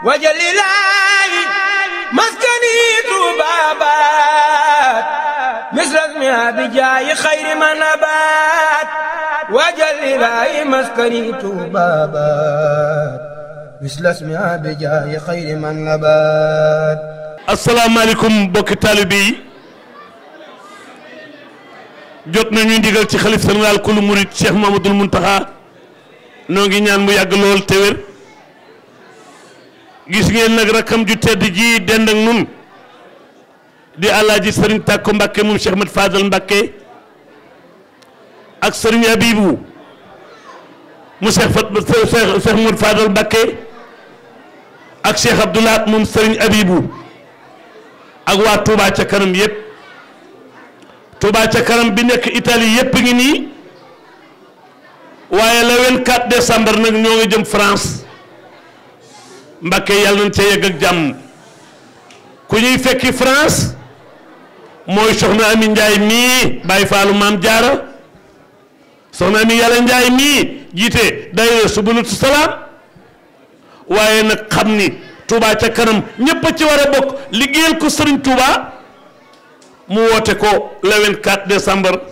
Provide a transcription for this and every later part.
wajalilaayi maskani tuubaabaat misras mi abijaayi xayri manabaat wajalilaayi maskani tuubaabaat misras mi abijaayi xayri manabaat. asalaamaaleykum mbokki taalibe yi jot nañu ndigal ci xalif général kulu murit Cheikh ngi ñaan mu yàgg lool te gis ngeen nag rakkam ju tedd ji dend ak nun di alaaji sëriñ tàkku mbàkke moom Cheikh Mat Fadal mbàkke ak sëriñ abibu mu Cheikh Fat Cheikh Mat Fadal mbàkke ak moom sëriñ abibu ak waa Touba ca kanam yépp Touba ca kanam bi nekk Italie yépp ngi nii waaye le 24 décembre nag ñoo ngi jëm France Mbàkke yàlla nañ ca yegg ak jàmm ku ñuy fekki France mooy soxna Ami Njaay mii bàyyi faalu maam jaara soxna Ami yàlla Njaay mii jiite daayira Subulatu Salaam waaye nag xam ni Touba ca kanam ñépp a ci war a bokk liggéeyal ko Sëriñ Touba mu woote ko le 24 décembre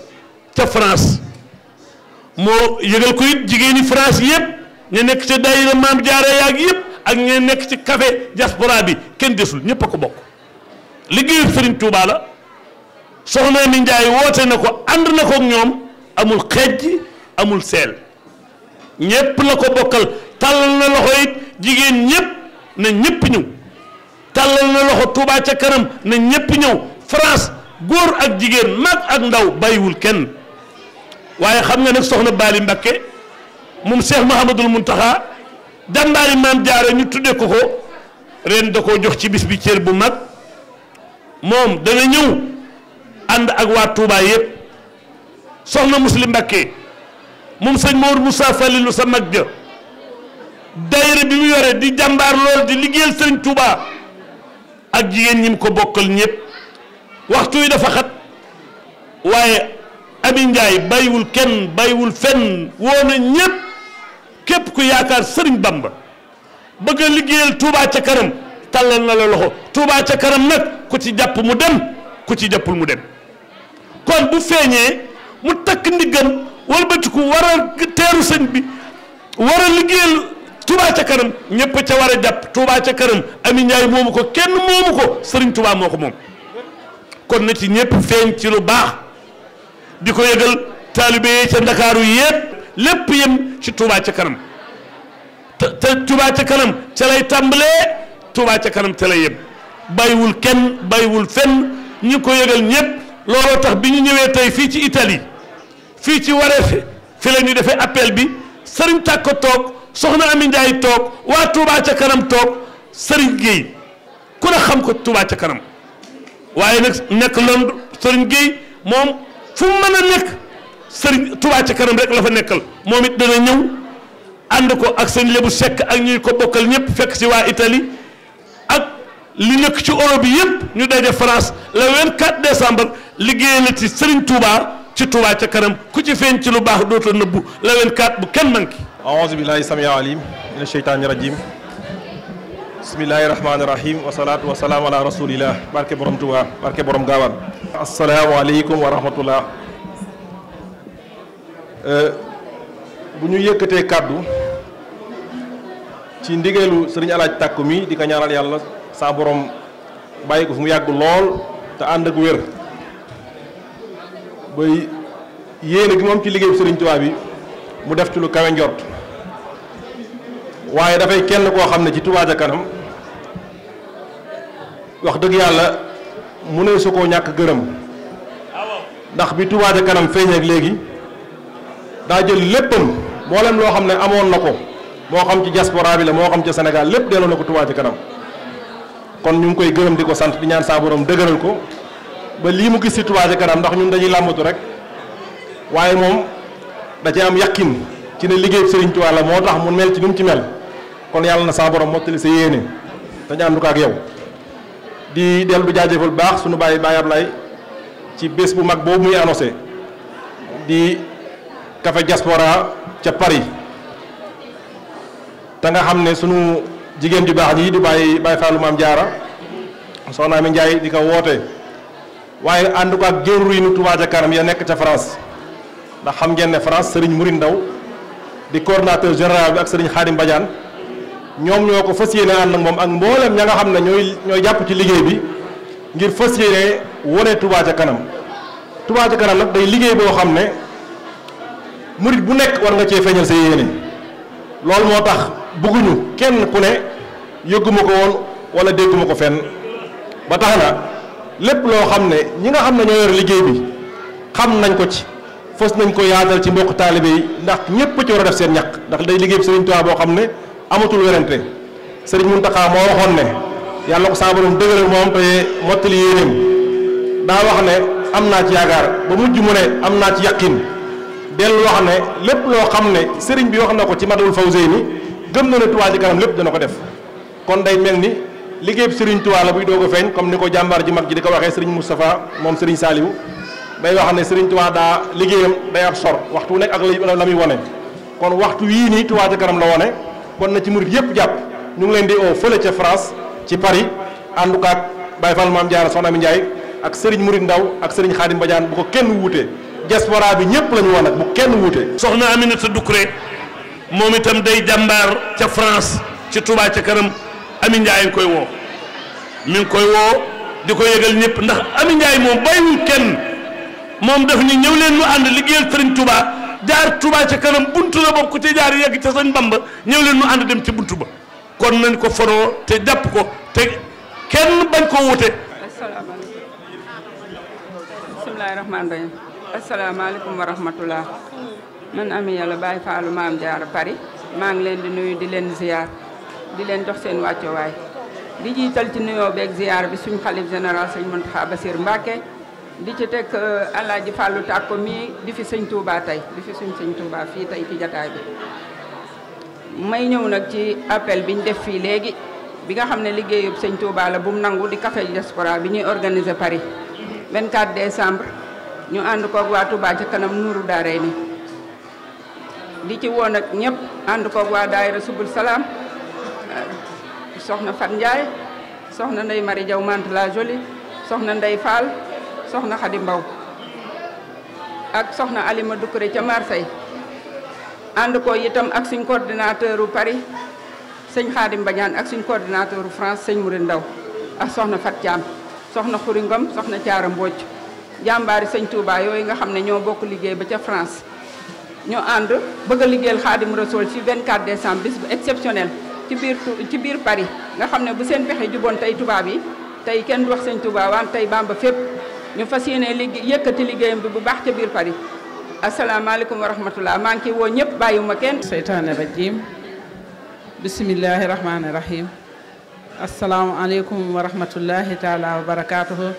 ca France moo yëgal ko it jigéeni France yépp ñu nekk ci daayira maam jaara yaag yépp ak ñee nekk ci café diaspora bi kenn desul ñëpp ko bokk liggéeyu Serigne Touba la soxna mi Njaay woote na ko ànd na kook ñoom amul xeej amul seel ñëpp la ko bokkal tàllal na loxo it jigéen ñëpp na ñëpp ñëw tàllal na loxo Touba ca kanam na ñëpp ñëw France góor ak jigéen mag ak ndaw bàyyiwul kenn waaye xam nga nag soxna Bali Mbakke moom Cheikh Mouhamadul Muntaxa jàmbaari maam jaare ñu tudde ko ko ren da ko jox ci bis bi cër bu mag moom dana ñëw ànd ak waa Touba yëpp soxna muslim Mbakke moom sëñ Mor Moussa Falilu sa mag ja daayira bi mu yore di jàmbaar lool di liggéey sëñ Touba ak jigéen ñi ko bokkal ñëpp waxtu yi dafa xat waaye Abi Njaay bàyyiwul kenn bàyyiwul fenn woona ñëpp képp ku yaakaar sëriñ Bamba bëgg a liggéeyal Touba ca kanam tàllal na la loxo Touba ca kanam nag ku ci jàpp mu dem ku ci jàppul mu dem kon bu feeñee mu takk ndiggam walbatiku war teeru sëñ bi war a liggéeyal Touba ca kanam ñëpp ca war a jàpp Touba ca kanam Ami Njaay moomu ko kenn moomu ko sëriñ tuubaa moo ko moom kon na ci ñëpp feeñ ci lu baax di ko yëgal taalibe yi ca Ndakaaru yépp lépp yem ci Touba ca kanam te te ca kanam ca lay tàmbalee Touba ca kanam ca lay yem bàyyiwul kenn bàyyiwul fenn ñi ko yëgal ñépp looloo tax bi ñu ñëwee tey fii ci Italie fii ci Wareef fi la ñu defee appel bi Serigne Tàkko toog Soxna Ami Ndiaye toog waa Touba ca kanam toog sëriñ Gueye ku ne xam ko Touba ca kanam waaye nag nekk Londres sëriñ géey moom fu mu mën a nekk. sëriñ Touba ca kanam rek la fa nekkal moom it dana ñëw ànd ko ak sëñ Lebu Sekk ak ñuy ko bokkal ñëpp fekk si waa Italie ak li nekk ci Europe bi yëpp ñu daje France le 24 décembre liggéeyal ci sëriñ Touba ci Touba ca kanam ku ci feeñ ci lu baax dootoo nëbbu le 24 bu kenn manqué. aouzu billahi sami alim mina a rajim bismillahi rahmaani rahim wasalaatu wasalaam ala rasulillah barke borom Touba barke borom gaawaan. asalaamaaleykum wa Euh, bu ñu yëkkatee kàddu ci ndigeelu sëriñ alaaj tàkku mi di ko yàlla saa boroom bàyyi ko fu mu yàgg lool te ànd ak wér ba yéene gi moom ci liggéeyu sëriñ Tuubaa bi mu def ci lu kawe waaye dafay kenn koo xam ne ci Touba kanam wax dëgg yàlla mu ne su koo ñàkk gërëm ndax bi Touba kanam feeñ ak léegi daa jël léppam mboolem loo xam ne amoon na ko moo xam ci diaspora bi la moo xam ci Sénégal lépp delloo na ko Touba ci kanam kon ñu ngi koy gërëm di ko sant di ñaan saa borom dëgëral ko ba lii mu gis ci Touba ci kanam ndax ñun dañuy làmbatu rek waaye moom da ci am yàqin ci ne liggéey Serigne Touba la moo tax mu mel ci ni mu ci mel kon yàlla na saa borom mottali sa yéene dañu ànd ko ak yow. di dellu du jaajëfal baax suñu bàyyi Baye Ablaye ci bés bu mag boobu muy annoncé café diaspora ca Paris te nga xam ne sunu jigéen ju baax ji di bàyyi bàyyi faalu maam jaara soxna mi Njaay di ko woote waaye ànd ko ak géeru yi ca kanam ya nekk ca France ndax xam ngeen ne France Serigne Mouride Ndaw di coordonnateur général bi ak sëriñ Khadim Badiane ñoom ñoo ko fës yéene ànd ak moom ak mboolem ña nga xam ne ñooy ñooy jàpp ci liggéey bi ngir fës yéene wone Touba ca kanam Touba ca kanam nag day liggéey boo xam ne murit bu nekk war nga cee feeñal sa yéene loolu moo tax bëgguñu kenn ku ne yëgguma ko woon wala dégguma ko fenn ba tax na lépp loo xam ne ñi nga xam ne ñoo yor liggéey bi xam nañ ko ci fës nañ ko yaatal ci mbokk taalibe yi ndax ñëpp ci war a def seen ñaq ndax day liggéey bi Sëriñ Tuubaa boo xam ne amatul werante Sëriñ Muntaxa moo waxoon ne yàlla ko saa borom dëgëral moom te mottali yéeneem daa wax ne am naa ci yaakaar ba mujj mu ne am naa ci yaqin dellu wax ne lépp loo xam ne sëriñ bi wax na ko ci Matlabul Fawzayni gëm na ne Touba Ca Kanam lépp dana ko def kon day mel ni liggéeyub sëriñ Touba la buy doog a feeñ comme ni ko jàmbaar ji mag ji di ko waxee sëriñ Moustapha moom sëriñ Saliou day wax ne sëriñ Touba daa liggéeyam day ak sor waxtu nekk ak la muy wone kon waxtu yii nii Touba Ca Kanam la wone kon na ci murit yëpp jàpp ñu ngi leen di oo fële ca France ci Paris ànd ak Baye Fall Maam Jaara Soxna Ami Njaay ak sëriñ Murit Ndaw ak sëriñ Xaadim Badiane bu ko kenn wuutee diaspora bi ñëpp la ñu woon nag bu kenn wuute. soxna Aminata Doucouré moom itam day jàmbaar ca France ci tubaa ca kanam Ami Ndiaye ngi koy woo mi ngi koy woo ko yëgal ñëpp ndax Ami Ndiaye moom bàyyiwul kenn moom daf ñu ñëw leen ñu ànd liggéeyal Serigne Touba jaar Touba ca kanam buntu la boobu ku ci jaar yegg ca Sëñ Bamba ñëw leen ñu ànd dem ca buntu ba kon nañ ko fonoo te jàpp ko te kenn bañ koo wuute. asalaamaaleykum. asalaamaaleykum wa rahmatulah. man Amy Yalla Baye Fallou Maam Jaara Paris maa ngi leen di nuyu di leen ziar di leen jox seen wàccuwaay di jiital ci nuyoo beeg ziar bi suñ xalif général sëñ Mountakha Bassir Mbacké di ci teg euh, Alaaji Fallou Tàkko mii di fi sëñ Touba tey di fi suñ sëñ fii tey ci jataay bi may ñëw nag ci appel bi ñu def fii léegi bi nga xam ne liggéeyub sëñ Touba la bu mu nangu di café diaspora bi ñuy organiser Paris 24 décembre ñu ànd koog waa Touba ca kanam nuru daaray ni di ci woon ak ñëpp ànd koog waa daayira subul salaam euh, soxna Fat Ndiaye soxna Ndey Mari Jaw Mante la Jolie soxna Ndey Fall soxna Xadi Mbaw ak soxna Alima Doucouré ca Marseille ànd ko itam ak suñ coordinateur u Paris sëñ Xaadim Badiane ak suñ coordinateur u France sëñ Mourine Ndaw ak soxna Fat Thiam soxna Xuri Ngom soxna Caara Mbooj jàmbaari sañ Touba yooyu nga xam ne ñoo bokk liggéey ba ca France ñu ànd bëgg a liggéeyal xaadim rasool ci 24 décembre bis bu exceptionnel ci biir ci biir Paris nga xam ne bu seen pexe juboon tey tubaab yi tey kenn du wax sëñ Touba waan tey Bamba fépp ñu fas yéene liggéey yëkkati liggéeyam bi bu baax ca biir Paris asalaamaaleykum wa rahmatullah maa ngi ciy woo ñëpp bàyyiwuma kenn. seytaane rajim bisimilahi rahmaani rahim asalaamaaleykum wa rahmatullahi taala wa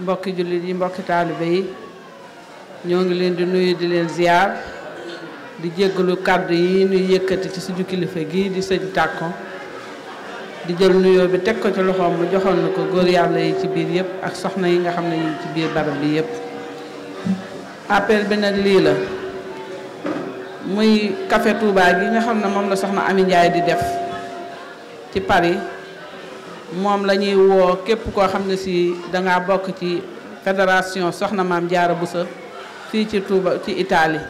mbokki jullit yi mbokki taalibe yi ñoo ngi leen di nuyu di leen ziar di jéggalu kàddu yi ñuy yëkkati ci suñu kilifa gi di sëñ tàkko di jël nuyoo bi teg ko ci loxoom mu joxoon na ko góor yàlla yi ci biir yëpp ak soxna yi nga xam ne yi ci biir barab bi yëpp appel bi nag lii la muy café Touba gi nga xam ne moom la soxna Ami njaay di def ci Paris moom lañuy woo képp koo xam ne si danga bokk ci fédération soxna maam Jaara Buso fii ci tuuba ci Italie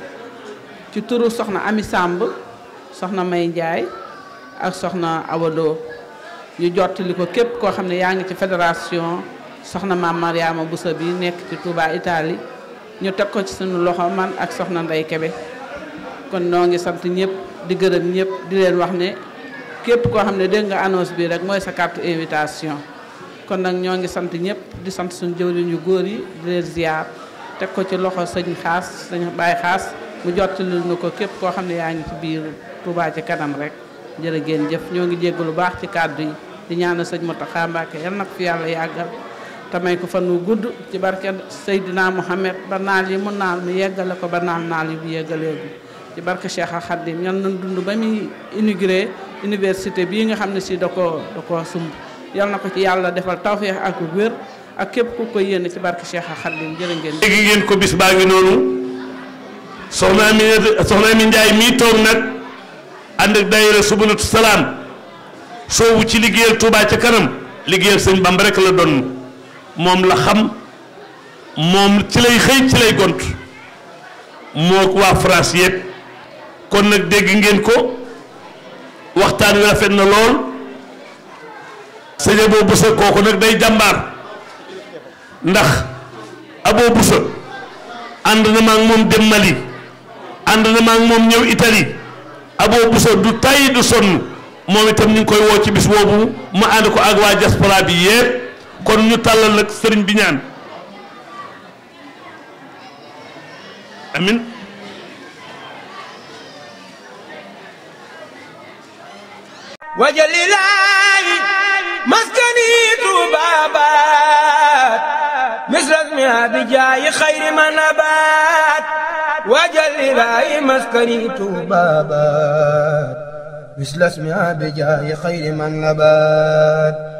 ci turu soxna Ami sàmb soxna May Njaay ak soxna Awado ñu jottali ko képp koo xam ne yaa ngi ci fédération soxna maam Mariama Buso bi nekk ci Touba itali ñu teg ko ci suñu loxo man ak soxna Ndey Kebe kon noo ngi sant ñëpp di gërëm ñëpp di leen wax ne képp koo xam ne dégg nga annonce bi rek mooy sa carte invitation kon nag ñoo ngi sant ñëpp di sant suñ jëwriñ yu góor yi di leen ziar teg ko ci loxo sëñ xaas sëñ baay xaas mu jottali na ko képp koo xam ne yaa ngi ci biir Touba ci kanam rek jërë ngeen jëf ñoo ngi jégg lu baax ci kàddu yi di ñaanal sëñ Mountakha Mbacké yal na ko fi yàlla yàggal te may ko fan wu gudd ci barke Seydina Mohamed ba naal yi mu naal mu yeggale ko ba naal naal yi mu yeggaleegu ci université bii nga xam ne si da ko da ko sumb yal na ko ci yàlla defal tawféex ak wér ak képp ku ko yéene ci barke Cheikh Khadim jërë ngeen. dégg ngeen ko bis baa ngi noonu soxna Ami soxna mii toog nag ànd ak daayira subulatu salaam soobu ci liggéeyal Touba ca kanam liggéeyal sëñ Bamba rekk la doon moom la xam moom ci lay xëy ci lay gont moo waa France yépp kon nag dégg ngeen ko. waxtaan wi rafet na lool sëñ Abo Boussa kooku nag day jàmbaar ndax Abo Boussa ànd na ma ak moom dem Mali ànd na ma moom ñëw Italie Abo Boussa du tay du sonn moom itam ñu ngi koy woo ci bis boobu mu ànd ko ak waa diaspora bi yépp kon ñu tàllal nag sëriñ bi ñaan wajalilaayi maskani tubaabaat misrasmi abijaayi xayri manabaat wajalilaayi maskani tubaabaat misrasmi abijaayi xayri manabaat